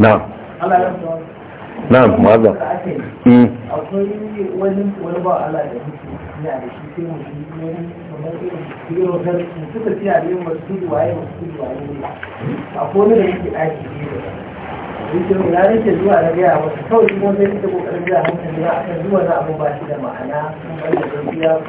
na'am na'am mazan mm. akwai da zuwa ba da ma'ana da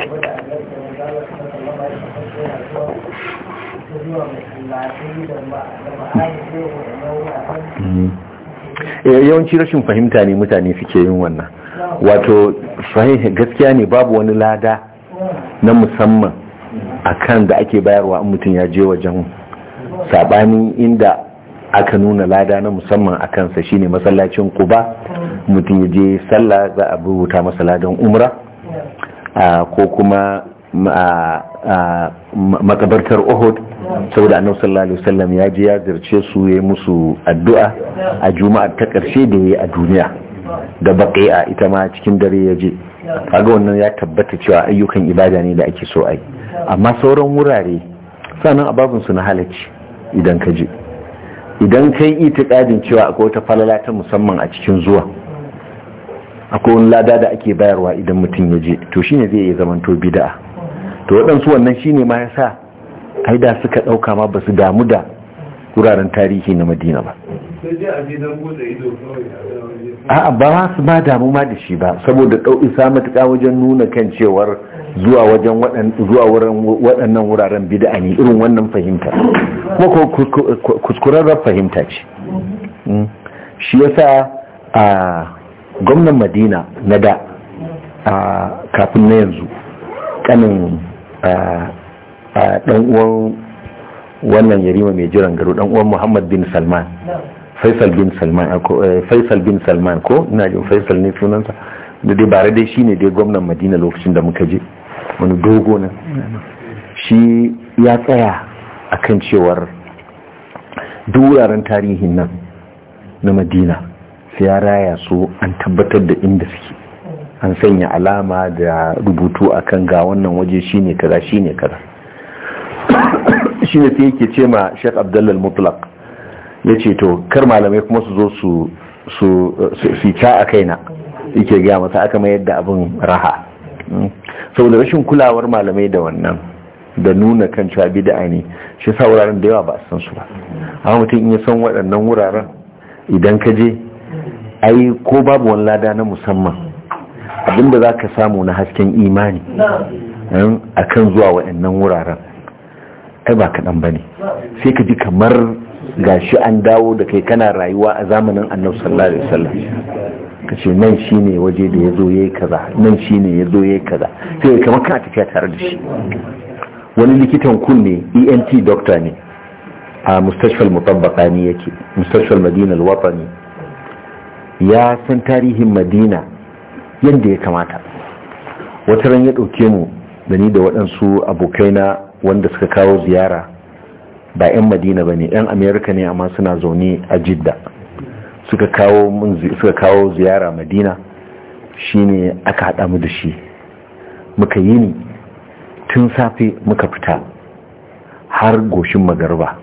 Eh, yawanci rashin fahimta ne mutane suke yin wannan wato gaskiya ne babu wani lada na musamman akan da ake bayarwa 'an mutum ya je wajen sabanin inda aka nuna lada na musamman a kansa shine masallacin kuba mutum ya je sallah za a rubuta masa ladan umra ko kuma makabartar uhud saboda annabi sallallahu alaihi wasallam ya je ya zarce su ya yi musu addu'a a juma'a ta karshe da yayi a duniya da baqi'a ita ma cikin dare ya je kaga wannan ya tabbata cewa ayyukan ibada ne da ake so a yi. amma sauran wurare sanan ababun su na halacci idan ka je idan kai itikadin cewa akwai wata falala ta musamman a cikin zuwa akwai wani lada da ake bayarwa idan mutum ya je to shine zai iya zamanto bid'a to waɗansu wannan shine ma ya ai da suka ɗauka ma ba su damu da wuraren tarihi na madina ba a'a ba su ma damu ma da shi ba saboda ɗauki matuƙa wajen nuna kan cewar zuwa wajen waɗannan wuraren bid'a ne irin wannan fahimta kuma kuskurarren fahimta ce mm. shi yasa a gwamnan madina na da kafin na yanzu kanin a dan uwan wannan yarima mai jiran garo dan uwan Muhammad bin Salman Faisal bin Salman ko eh, Faisal bin Salman ko ina Faisal ne sunansa da dai bare dai shine dai gwamnan Madina lokacin da muka je wani dogo nan shi ya tsaya a kan cewar duk wuraren tarihin nan na Madina sai ya raya su an tabbatar da inda suke an sanya alama da rubutu kan ga wannan waje shine kaza shine kaza ne sai yake ce ma abdullal mutlak ya ce to kar malamai kuma su zo su su ca a kaina yake gaya masa aka mayar da abin raha hmm. saboda rashin kulawar malamai da wannan da nuna kan cewa bid'a ne shi sa wuraren da yawa ba a san su ba amma mutum in ya san waɗannan wuraren idan ka je ai ko babu wani lada na musamman abinda za ka samu na hasken imani hmm, a kan zuwa waɗannan wuraren ai ba kaɗan ba ne sai ka ji kamar gashi an dawo da kai kana rayuwa a zamanin annabi sallallahu alaihi wasallam ka nan shine waje da yazo zo ya kaza nan shine yazo ya kaza sai kamar kana tafiya tare da shi wani likitan kunne ent doctor ne a mustashfal mutabbaqani yake mustashfal madina al-watani ya san tarihin madina yadda ya kamata wata ran ya ɗauke mu da ni da waɗansu abokaina wanda suka kawo ziyara ba 'yan madina ba ne 'yan amerika ne amma suna zaune a jidda suka kawo ziyara madina shine aka haɗa mu da shi muka yi ni tun safe muka fita har goshin magarba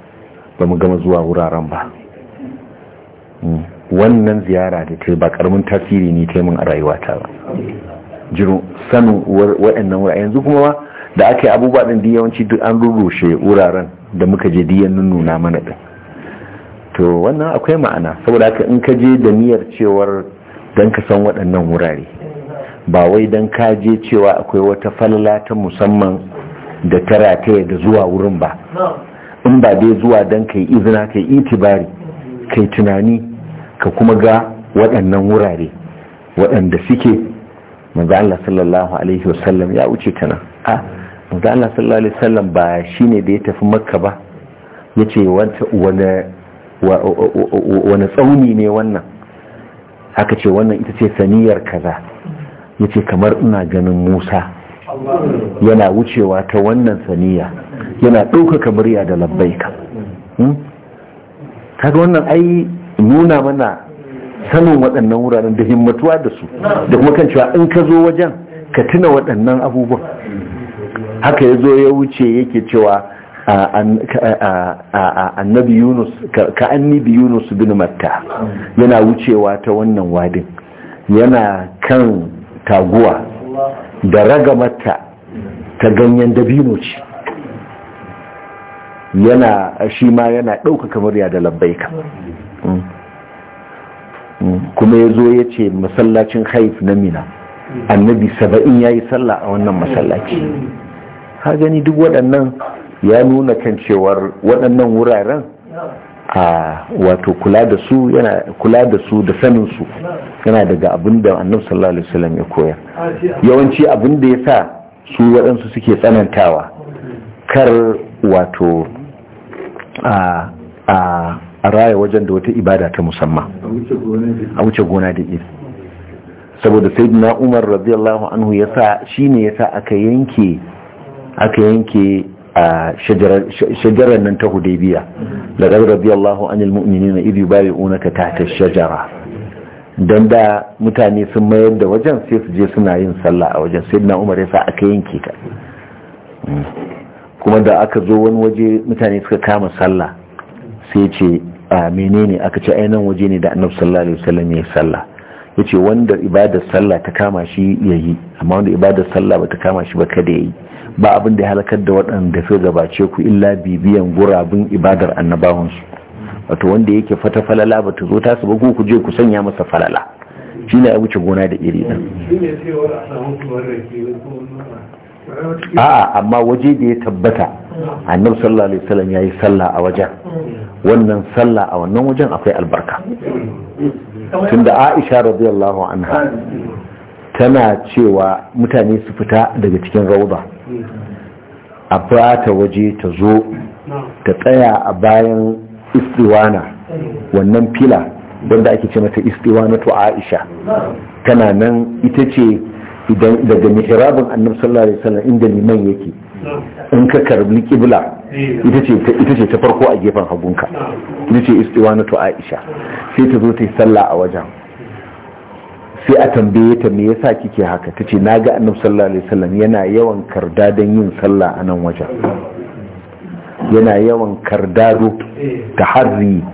ba mu gama zuwa wuraren ba hmm. wannan ziyara da ta ba karamin tasiri ne ta mun a rayuwata ba jiru sanu waɗannan wurare yanzu kuma ma da aka yi abubuwa ɗin da yawanci duk an rurrushe wuraren da muka je diyan nuna mana ɗin to wannan akwai ma'ana saboda haka in ka je da niyyar cewar don ka san waɗannan wurare ba wai don ka je cewa akwai wata falala ta musamman da ta rataya da zuwa wurin ba in ba dai zuwa don ka yi izina ka yi itibari kai tunani ka kuma ga waɗannan wurare waɗanda suke manzo Allah sallallahu alaihi wasallam ya wuce ta nan a manzo Allah sallallahu alaihi wasallam ba shine da ya tafi makka ba yace wani wani tsauni ne wannan aka ce wannan ita ce saniyar kaza yace kamar ina ganin Musa yana wucewa ta wannan saniya yana ɗaukaka murya da labbaika hmm? kaga wannan ai nuna mana sanin waɗannan wuraren da himmatuwa da su da kuma kan cewa in ka zo wajen ka tuna waɗannan abubuwan haka ya zo ya wuce yake cewa annabi yunus ka annabi yunus bin matta yana wucewa ta wannan wadin yana kan taguwa da raga matta ta ganyen dabino ce yana shi ma yana ɗauka kamar ya da labbaika kuma ya zo ya ce masallacin haif na mina annabi saba'in ya yi sallah a wannan masallaci ha gani duk waɗannan ya nuna kan cewar waɗannan wuraren a wato kula da su da saninsu sanin su yana daga abin da annabi sallallahu alaihi wasallam ya koya, yawanci abin da ya sa su waɗansu suke tsanantawa kar wato a a raya wajen da wata ibada ta musamman a wuce gona da iri saboda sai na umar radiyallahu anhu ya sa shi ne ya sa aka yanke aka yanke a shajarar nan ta hudaybiya da ɗan radiyallahu an na iri bayi unaka ta ta shajara don da mutane sun mayar da wajen sai su je suna yin sallah a wajen sai na umar ya sa aka yanke ta hmm. kuma da aka zo wani waje mutane suka kama sallah sai ce a menene aka ce ainihin waje ne da annabi sallallahu alaihi wasallam ya sallah ya ce wanda ibadar sallah ta kama shi ya yi amma wanda ibadar sallah ba ta kama shi ba kada ya yi ba abin da ya halakar da waɗanda su gabace ku illa bibiyan gurabin ibadar annabawansu wato wanda yake fata falala ba ta zo ta su ba ku je ku sanya masa falala shi wuce gona da iri ɗin a'a amma waje da ya tabbata annab sallallahu alaihi wasallam yayi sallah a wajen wannan sallah a wannan wajen akwai albarka tunda Aisha radiyallahu anha tana cewa mutane su fita daga cikin rauda a bata waje ta zo ta tsaya a bayan istiwana wannan fila wanda ake ce mata istiwana to Aisha tana nan ita ce idan daga mihrabin annabi sallallahu alaihi wasallam inda liman yake in ka karbi kibla ita ce ita ce ta farko a gefen hagunka ita ce to aisha sai ta zo ta yi sallah a wajen sai a tambaye ta me yasa kike haka tace naga annabi sallallahu alaihi wasallam yana yawan karda dan yin sallah a nan wajen yana yawan kardado ta harri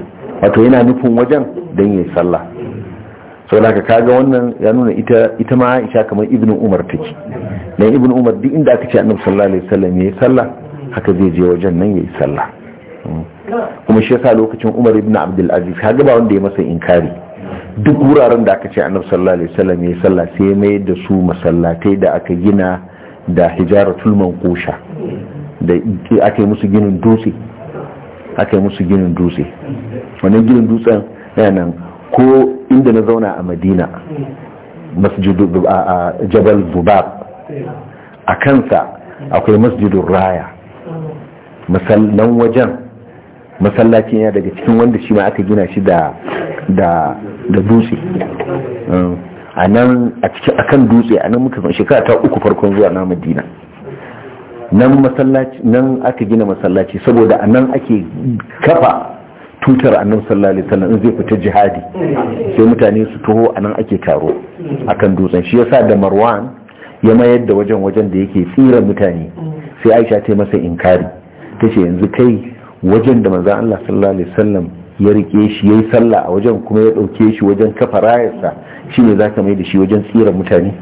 wato yana nufin wajen don yin sallah saboda kaga wannan ya nuna ita ita ma Aisha kamar Ibn Umar take dan Ibn Umar duk inda aka ce Annabi sallallahu alaihi wasallam yayi sallah haka zai je wajen nan yayi salla. kuma shi yasa lokacin Umar ibn Abdul Aziz kaga ba wanda ya masa inkari duk wuraren da aka ce Annabi sallallahu alaihi wasallam yayi sallah sai mai da su masallatai da aka gina da hijaratul manqusha da aka yi musu ginin dutse aka yi musu ginin dutse wannan ginin dutsen yana nan ko inda na zauna a madina masjidu a jabal zubab a kansa akwai masjidun raya masallan wajen masallacin ya daga cikin wanda shi ma aka gina shi da dutse mm. a nan a kan dutse a nan muka shekara ta uku farkon zuwa na madina nan aka gina masallaci saboda a nan ake kafa tutar annabi sallallahu alaihi wasallam in zai fita jihadi sai mutane su taho anan ake taro akan dutsen shi yasa da Marwan ya mayar da wajen wajen da yake tsira mutane sai Aisha ta masa inkari tace yanzu kai wajen da manzon Allah sallallahu alaihi ya rike shi yayi sallah a wajen kuma ya dauke shi wajen kafa rayarsa shine zaka mai da shi wajen tsira mutane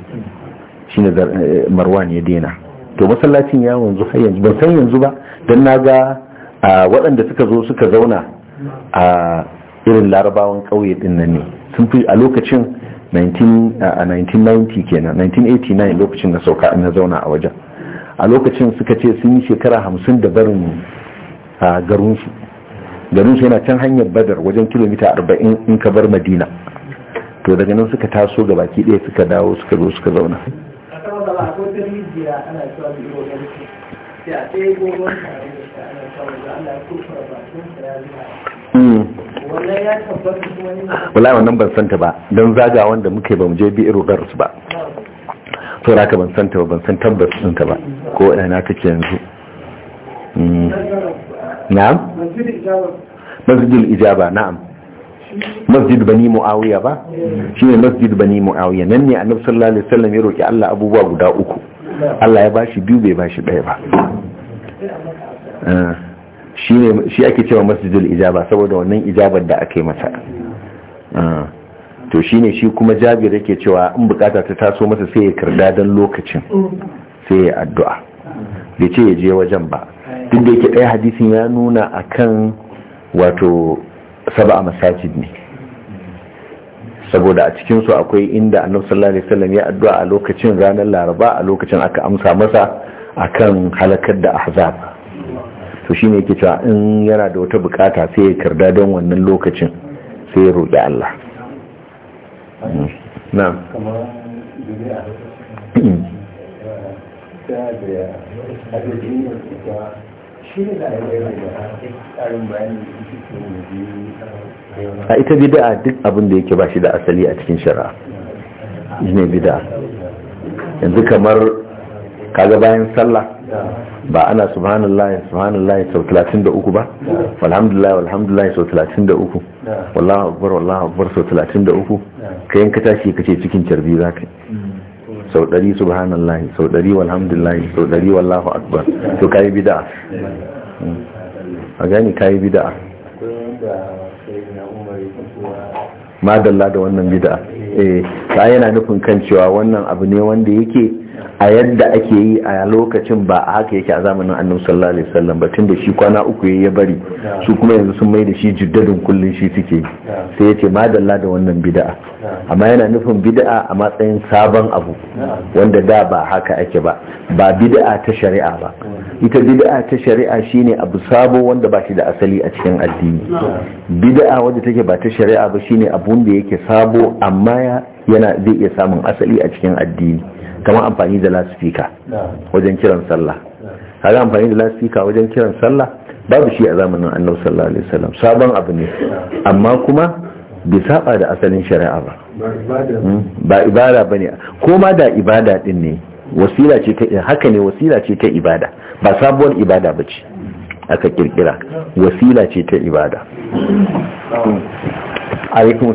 shine eh, Marwan ya daina to masallacin ya wanzu har yanzu ban san yanzu ba dan naga ah, waɗanda suka zo suka zauna a irin larabawan ƙauye din nan ne sun fi a lokacin 1990 kenan 1989 lokacin na sauka na zauna a wajen a lokacin suka ce sun yi shekara hamsin da barin garinsu garinsu yana can hanyar badar wajen kilomita arba'in in ka bar madina to daga nan suka taso ga baki ɗaya suka dawo suka zo suka zauna Hmm. wala wannan ban santa ba don zaga wanda muke ba mu je bi irin garus ba to raka ban santa ba ban san tabbas ta ba ko ina take yanzu hmm. na'am al ijaba na'am masjid bani muawiya ba eh. shine masjid bani muawiya nan ne annabi sallallahu alaihi wasallam ya roki Allah abubuwa guda uku Allah ya bashi biyu bai bashi ɗaya ba ah, shi ake cewa masjidul ijaba saboda wannan ijabar da aka yi masa ah, to ne shi kuma jabir yake cewa in bukata ta taso masa sai ya karda don lokacin sai ya addu'a da ce ya je wajen ba duk da yake ɗaya hadisin ya nuna akan wato saba a masajid ne saboda a cikin su akwai inda annabi sallallahu alaihi wasallam ya addu'a a lokacin ranar laraba a lokacin aka amsa masa akan halakar da ahzab to shine yake cewa in yana da wata bukata sai ya karda don wannan lokacin sai ya roƙi Allah na kamar a ita da'a duk abin da yake ba shi da asali a cikin shari'a ne da'a. yanzu kamar kaga bayan sallah ba ana subhanallah subhanallah sau 33 ba alhamdulillah alhamdulillah sau 33 wallahu akbar wallahu akbar sau 33 uku ka tashi ce cikin carbi za yi hmm. sau ɗari subhanallahi sau ɗari walhamdulillahi sau ɗari wallahu akbar to kayi bida a gani kayi bida dalla da wannan bida eh ta yana nufin kan cewa wannan abu ne wanda yake a yadda ake yi a lokacin ba a haka yake a zamanin annun sallallahu alaihi wasallam tun da shi kwana uku ya bari su kuma yanzu sun mai da shi jiddadin kullun shi suke sai ya ce madalla da wannan bida'a. amma yana nufin bida'a a matsayin sabon abu wanda da ba haka ake ba ba bida'a ta shari'a ba ita bida'a ta shari'a shine abu sabo wanda ba shi da asali a cikin addini Bida'a wanda take ba ta shari'a ba shine abun da yake sabo amma yana zai iya samun asali a cikin addini kamar amfani da lasifika wajen kiran sallah haka amfani da lasifika wajen kiran sallah babu shi a zamanin annabi sallallahu alaihi wasallam sabon abu ne amma kuma bai saba da asalin shari'a ba hmm? ba ibada bane ko ma da ibada din ne wasila ce ta haka ne wasila ce ta ibada ba sabuwar ibada bace aka kirkira wasila ce ta ibada hmm. alaikum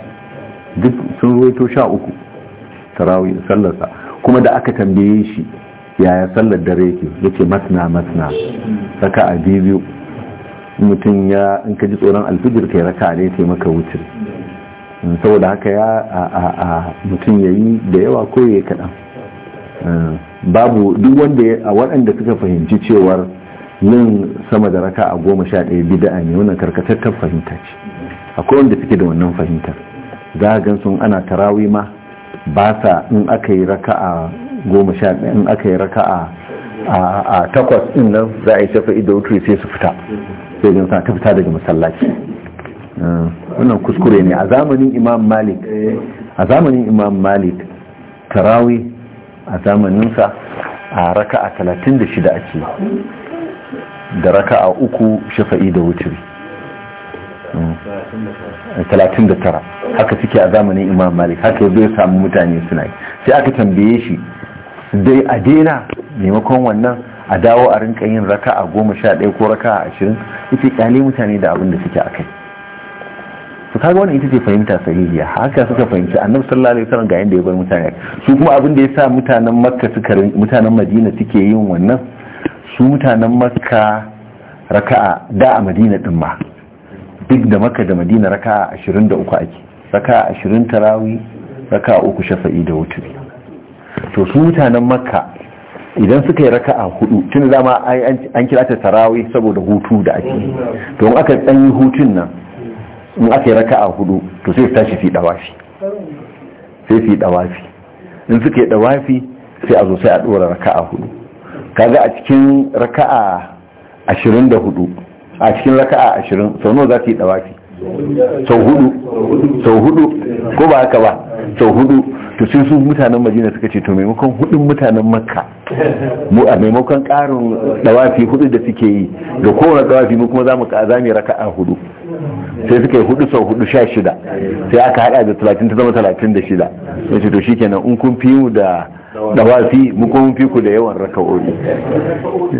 duk sun ruwaito sha uku tarawih sallarsa kuma da aka tambaye shi yaya sallar dare yake yace masna masna raka a biyu mutum ya in ka ji tsoron alfijir kai raka ne sai maka wuce mm, saboda haka ya a mutum ya yi da yawa ko kaɗan mm, babu duk wanda a waɗanda suka fahimci cewar yin sama da raka a goma sha ɗaya bida'a ne wannan karkatar fahimta ce akwai wanda suke da wannan fahimtar gan sun ana tarawi ma ba sa in aka yi raka a goma sha in aka yi raka a takwas ɗin nan za a yi shafa ido wuturi sai su fita sai gan ta fita daga masallaci ah, wannan kuskure ne a zamanin imam malik a zamanin imam malik tarawi a zamaninsa a raka a talatin da shida ake da raka a uku shafa'i hmm. da wuturi 39 haka suke a zamanin imam malik haka zai samu mutane suna yi sai aka tambaye shi dai a daina maimakon wannan a dawo a rinka yin raka a goma sha ɗaya ko raka a ashirin ita kyale mutane da abin da suke a kai su kaga wannan ita ce fahimta sahihiya haka suka fahimci annabi sallallahu alaihi wasallam ga yanda ya bar mutane su kuma abin da ya sa mutanen makka suka mutanen madina suke yin wannan su mutanen makka raka'a da a madina din ma duk da makka da madina raka'a 23 ake raka ashirin tarawi raka uku shafa'i da wuturi to su mutanen makka idan suka yi raka a hudu tun dama an kira ta tarawi saboda hutu da ake to in aka tsanyi hutun nan in aka yi raka a hudu to sai su tashi fi dawafi sai fi dawafi in suka yi dawafi sai a zo sai a dora raka a hudu kaga a cikin raka'a ashirin da a cikin raka'a ashirin sau nawa za su yi dawafi sau hudu sau hudu ko ba haka ba sau hudu to sai su mutanen majina suka ce to maimakon hudun mutanen makka mu a maimakon karin dawafi hudu da suke yi ga kowane dawafi mu kuma zamu kaza raka a hudu sai suka yi hudu sau hudu sha shida sai aka hada da talatin ta zama talatin da shida ya ce to shikenan in kun fi mu da dawafi mu kuma fi ku da yawan raka'o'i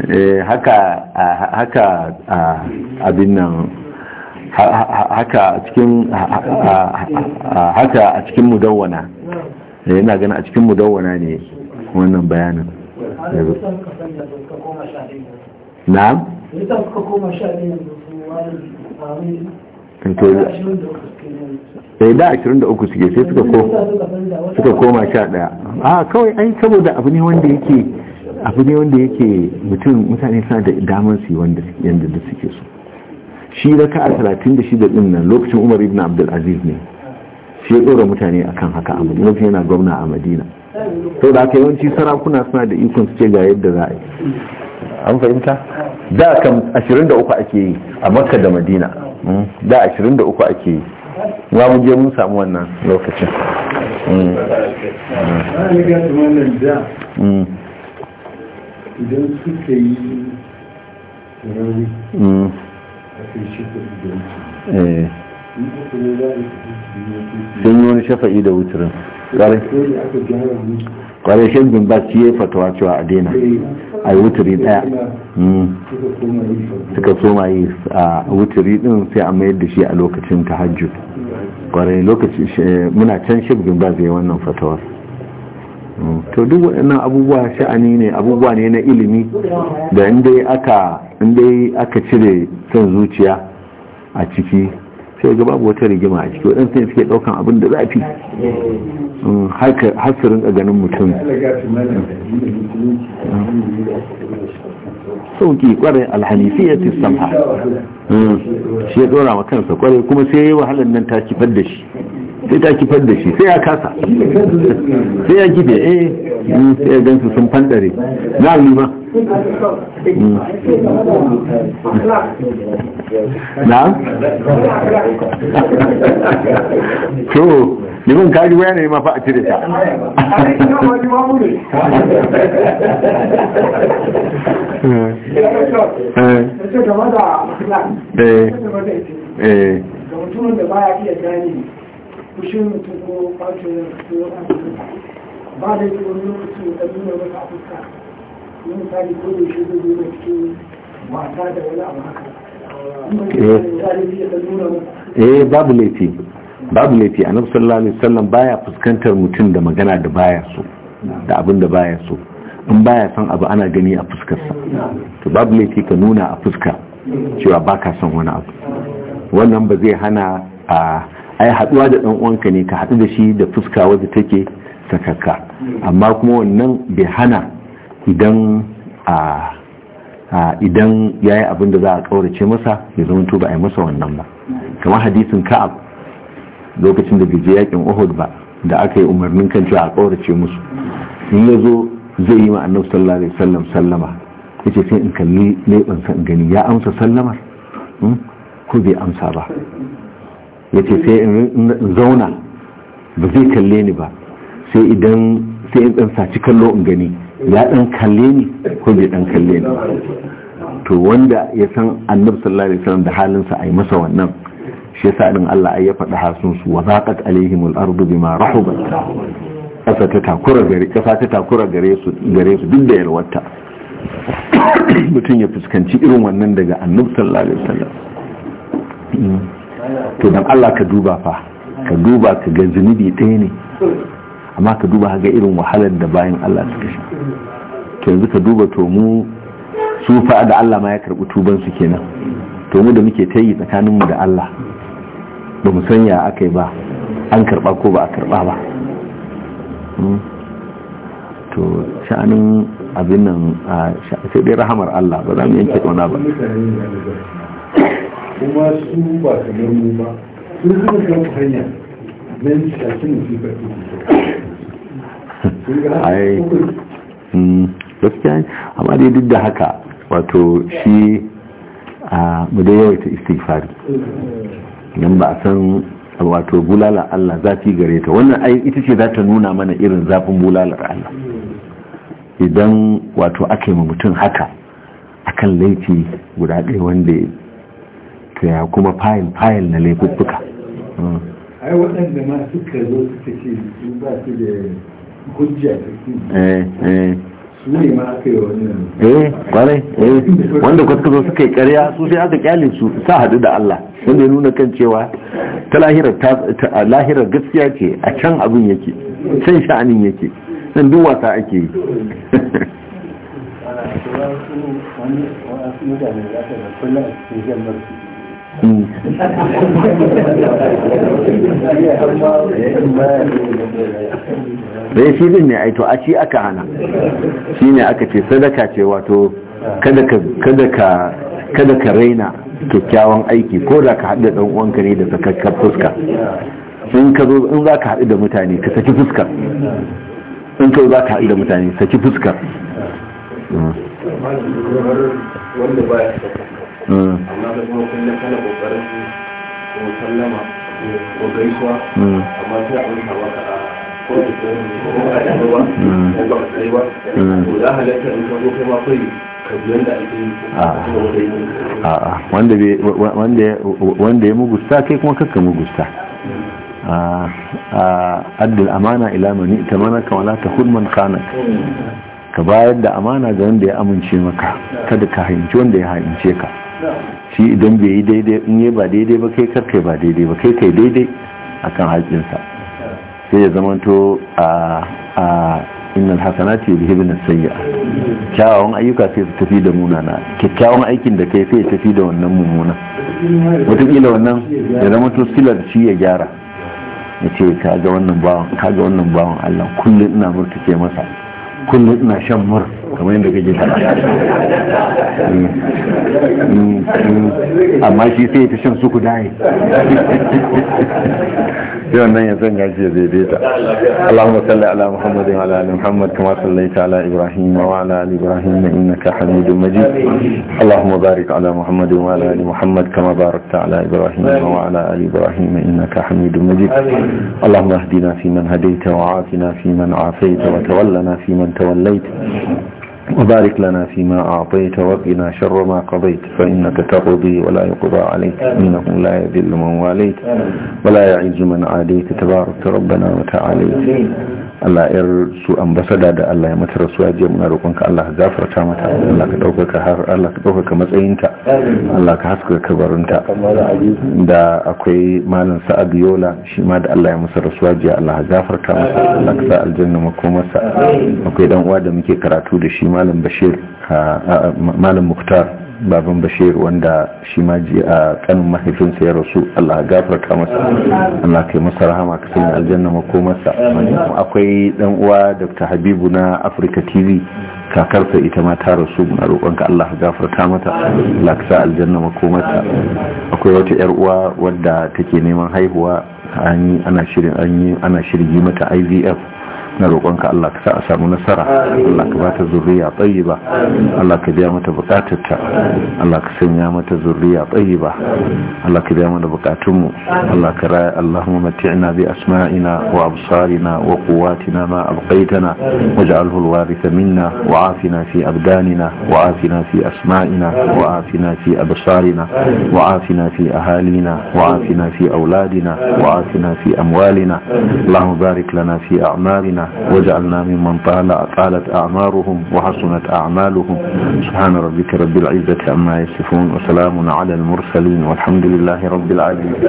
eh, haka haka abin nan haka a cikin mudawana da yana gani a cikin mudawana eh, ne wannan bayanin na? na'am eh, sai da uku suke sai suka koma sha daya a ah, kawai an saboda abu ne wanda yake abu ne wanda yake mutum mutane suna da damar su yi wanda da suke su shi na a talatin da da din nan lokacin umar ibn abdulaziz ne shi ya ɗora mutane a kan haka a madina lokacin yana gwamna a madina to da aka yawanci sarakuna suna da ikon su ce ga yadda za a yi an fahimta da kam 23 ake yi a makka da madina mm. da 23 ake yi ba mu je mun samu wannan lokacin mm. Mm. idan suka yi Eh. sun yi wani shafa'i da wuturin kwarai shan su yi fatawa cewa a daina a yi wuturi daya hmm. suka soma yi a wuturi din sai a mayar da shi a lokacin ta hajju lokacin eh, muna can shi bin ba yi wannan fatawar hmm. to duk waɗannan abubuwa sha'ani ne abubuwa ne na ilimi da inda aka in dai aka cire son zuciya a ciki sai ga babu wata rigima a ciki waɗansu ne suke ɗaukan abin da zafi mm, har su rinka ganin mutum sauki kwarai alhanifiyar samha mm, shi ya ɗora wa kansa kwarai kuma sai ya yi wahalar nan ta kifar da shi sai ta kifar da shi sai ya kasa sai ya gibe eh sai ya su sun fandare na ma na? so limin kaji waya ne mafa a cire ta eh eh eh kushin mutum ko kwace ya ko ba da yake wani lokaci da nuna masa a fuska yin misali ko da zai zo cikin wasa da wani abu haka eh. eh babu laifi babu laifi annabi sallallahu alaihi wasallam baya fuskantar mutum da magana da baya so da abin da baya so in baya son abu ana gani a fuskarsa to babu laifi ka nuna a fuska cewa baka son wani abu wannan ba zai hana a ai haɗuwa da dan uwanka ne ka hadu da shi da fuska wadda take sakakka amma kuma wannan bai hana idan a idan ya yi abin da za a ƙaurace masa ya zama to ba a yi masa wannan ba kamar hadisin ka'ab lokacin da bai yakin uhud ba da aka yi umarnin kan cewa a ƙaurace musu in ya zo zai yi ma annabi sallallahu alaihi wasallam sallama yace sai in kalli leban san gani ya amsa sallamar hmm? ko bai amsa ba ya ce sai in zauna ba zai kalle ni ba sai idan sai in dan saci kallo in gani ya dan kalle ni ko bai dan kalle ni to wanda ya san annabi sallallahu alaihi wasallam da halinsa ai masa wannan shi yasa din Allah ai ya faɗi hasun su alaihim al ardu bima rahubat kasa ta takura gare kasa ta takura gare su gare su duk da yalwata mutum ya fuskanci irin wannan daga annabi sallallahu alaihi wasallam hmm. to dan Allah ka duba fa ka duba ka ga zunubi ɗaya ne amma ka duba ga irin wahalar da bayan Allah suka shi to yanzu ka duba to mu su fa da Allah ma ya karɓi tuban su kenan to mu da muke tayi tsakanin mu da Allah ba mu san ya akai ba an karɓa ko ba a karɓa ba hmm? to sha'anin abin nan sai dai rahamar Allah ba za mu yanke ƙauna ba kuma su ba kamar mu ba sun kuma kan hanya nan shakin musibar ai gaskiya amma dai duk da haka wato shi a mu da ta istighfari nan ba a san wato bulalar Allah zafi gare ta wannan ai ita ce za ta nuna mana irin zafin bulalar Allah idan wato aka yi mutum haka akan laifi guda ɗaya wanda kuma fayil na laifuffuka hmm. ai waɗanda ma suka zo suka ce su ba su da hujja eh, eh. su ma aka yi wani eh kwarai eh wanda zo suka yi ƙarya su sai aka kyale su sa hadu da Allah wanda ya nuna kan cewa ta lahirar gaskiya ce a can abin yake can sha'anin yake nan duk wasa ake yi wani wani mutane da kullum a cikin jan da shi din ne aito a ci aka hana shi ne aka ce sadaka ce wato kada ka raina kyakkyawan aiki ko da ka haɗe ɗan uwanka ne da sakakkar fuska in ka zo in za ka haɗu da mutane ka saki fuskar in ka za ka haɗu da mutane saki fuskar wanda Hmm. amma da kuma kullum kana kokarin ko sallama ko gaisuwa hmm. amma sai a wani hawa ka ko da ko a yawa hmm. ko ba a kai ba to da halatta in ka zo kai ma kai wanda ya mugusta kai kuma kakka mugusta addil amana ila mani ta mana kamala ta hulman kanak ka bayar da amana ga wanda ya amince maka kada ka hainci wanda ya haince ka shi idan bai yi daidai in yi ba daidai ba kai karka ba daidai ba kai kai daidai a kan haƙinsa sai ya zamanto a innal hasanati binin sanya kyawawan ayyuka sai su tafi da munana kyakkyawan aikin da kai sai ya tafi da wannan mummuna wataƙila wannan ya zama to silar shi ya gyara ya ce ka ga wannan bawan Allah kullum ina murtuke masa kullum ina shan mur kamar yadda kake faɗa mm, mm, mm. amma shi sai ta shan suku daye yawan nan ya sanya shi ya daidaita Allahumma salli ala Muhammadin wa ala ali Muhammad kama sallaita ala Ibrahim wa ala ali Ibrahim innaka Hamidum Majid Allahumma barik ala Muhammadin wa ala ali Muhammad kama barakta ala Ibrahim wa ala ali Ibrahim innaka Hamidum Majid Allahumma اهدنا فيمن هديت وعافنا فيمن عافيت وتولنا فيمن توليت وبارك لنا فيما أعطيت وقنا شر ما قضيت فإنك تقضي ولا يقضى عليك إنه لا يذل من واليت ولا يعز من عاديت تبارك ربنا وتعاليت Allah yar su ambasada da Allah ya mata rasuwa jiya muna roƙonka Allah ka gafarta mata Allah ka ɗaukaka har Allah ka ɗaukaka matsayinta Allah ka haska kabarinta da akwai malam Sa'ad Yola shi ma da Allah ya masa rasuwa jiya Allah ka gafarta mata Allah ka sa aljanna makomarsa akwai dan uwa da muke karatu da shi ma malam bashir malam muktar baban bashir wanda shi ma ji a kanin mahaifinsa ya rasu Allah gafarta masa Allah kai masa rahama ka sanya aljanna makomarsa akwai dan uwa Dr. Habibu na Africa TV kakarsa ita ma ta rasu muna roƙonka Allah gafarta mata Allah ka sa aljanna makomarta akwai wata yar uwa wadda take neman haihuwa ana shirin ana shirgi mata IVF na roƙonka Allah ka sa a samu nasara Allah ka bata zurriya tayyiba Allah ka biya mata bukatarta Allah ka sanya mata zurriya tayyiba Allah ka biya mana buƙatunmu Allah ka raya Allahumma mati'na bi asma'ina wa absarina wa quwwatina ma abqaitana waj'alhu alwaritha minna wa afina fi abdanina wa afina fi asma'ina wa afina fi absarina wa afina fi في أهالينا وعافنا في أولادنا وعافنا في أموالنا اللهم بارك لنا في أعمالنا واجعلنا ممن طال طالت أعمارهم وحسنت أعمالهم سبحان ربك رب العزة عما يصفون وسلام على المرسلين والحمد لله رب العالمين